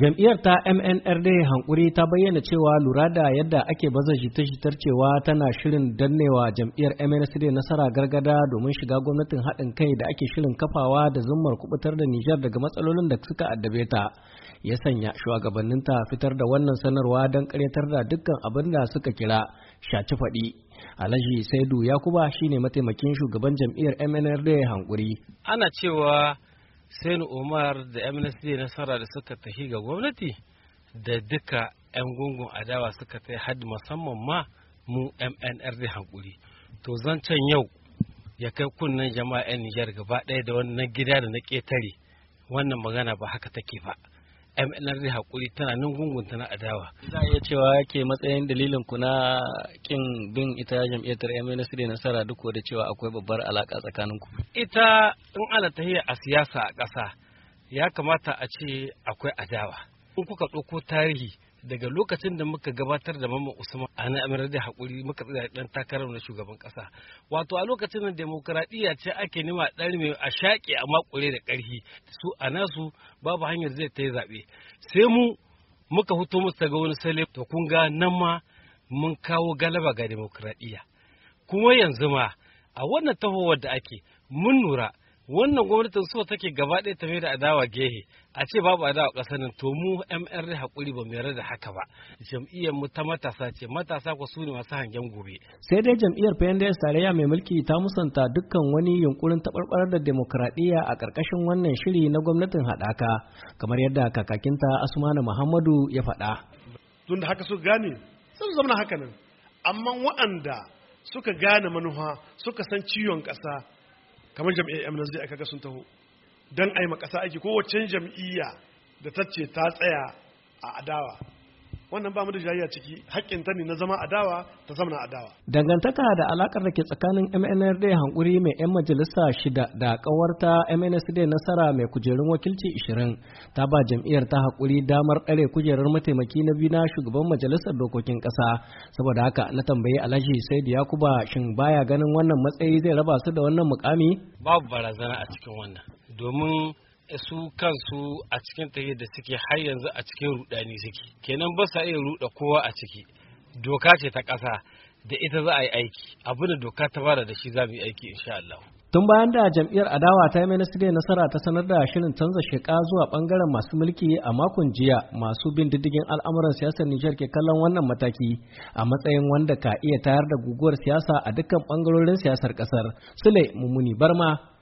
Jam'iyyar ta MNRD hankuri ta bayyana cewa lura da yadda ake baza jita-jitar cewa tana shirin dannewa jam'iyyar MNSD nasara gargada domin shiga gwamnatin haɗin kai da ake shirin kafawa da zummar kubutar da Nijar daga matsalolin da suka addabe ta. Ya sanya shugabanninta fitar da wannan sanarwa don karyatar da dukkan abin da suka kira shaci faɗi. Alhaji Saidu Yakuba shine mataimakin shugaban jam'iyyar MNRD hankuri. Ana cewa Sani Umar da Amnesty Nasara da suka tafi ga gwamnati da duka 'yan gungun adawa suka tai had musamman ma mu MNRD hankuri. To zancen yau ya kai kunnen jama'a 'yan Nijar gaba ɗaya da wannan gida da na ƙetare wannan magana ba haka take ba. mnr hakuri tana nan gungunta na adawa za a iya cewa ke matsayin dalilin ku na kin bin ita jam'iyyar 'yan da nasara duk da cewa akwai babbar alaƙa tsakanin ku ita in ala tahiya a siyasa a ƙasa ya kamata a ce akwai adawa in kuka tsoko tarihi daga lokacin da muka gabatar da mamman usman a na amirar da haƙuri muka tsaya ɗan takarar na shugaban ƙasa wato a lokacin da demokuraɗiyya ce ake nema ɗari mai a shaƙe a makure da ƙarfi su a nasu babu hanyar zai ta yi zaɓe sai mu muka fito musu daga wani sale to kun ga nan ma mun kawo galaba ga demokuraɗiyya kuma yanzu ma a wannan tahowar da ake mun nura wannan gwamnatin so take gaba ɗaya ta da adawa gehe a ce babu adawa ƙasar nan to mu MR hakuri ba mu yarda da haka ba jam'iyyar mu ta matasa ce matasa ku su ne masu hangen gobe sai dai jam'iyyar PNDS tarayya mai mulki ta musanta dukkan wani yunkurin taɓarɓarar da demokradiyya a ƙarƙashin wannan shiri na gwamnatin haɗaka kamar yadda kakakinta Asmanu Muhammadu ya faɗa tun da haka su gane sun zama haka nan amma wa'anda suka gane manufa suka san ciwon ƙasa kamar jam'iyyar zai aka ga sun taho don a yi makasa aiki ko jam'iyya da ta ce ta tsaya a adawa wannan ba mu da jayayya ciki haƙƙin ta ne na zama adawa ta zama adawa dangantaka da alakar da ke tsakanin MNRD hankuri mai yan majalisa shida da kawarta MNSD nasara mai kujerun wakilci 20 ta ba jam'iyyar ta hakuri damar ɗare kujerar mataimaki na biyu na shugaban majalisar dokokin ƙasa saboda haka na tambayi Alhaji Said Yakuba shin baya ganin wannan matsayi zai raba su da wannan mukami babu barazana a cikin wannan domin su kansu a cikin tahiyar da suke har yanzu a cikin rudani suke kenan ba sa iya ruda kowa a ciki doka ce ta ƙasa da ita za a yi aiki abin da doka ta bada da shi za mu yi aiki insha Allah tun bayan da jam'iyyar adawa ta yi ministry nasara ta sanar da shirin canza sheka zuwa bangaren masu mulki a makon jiya masu bin diddigin al'amuran siyasar Nijar ke kallon wannan mataki a matsayin wanda ka iya tayar da guguwar siyasa a dukkan bangarorin siyasar kasar Sule Mumuni Barma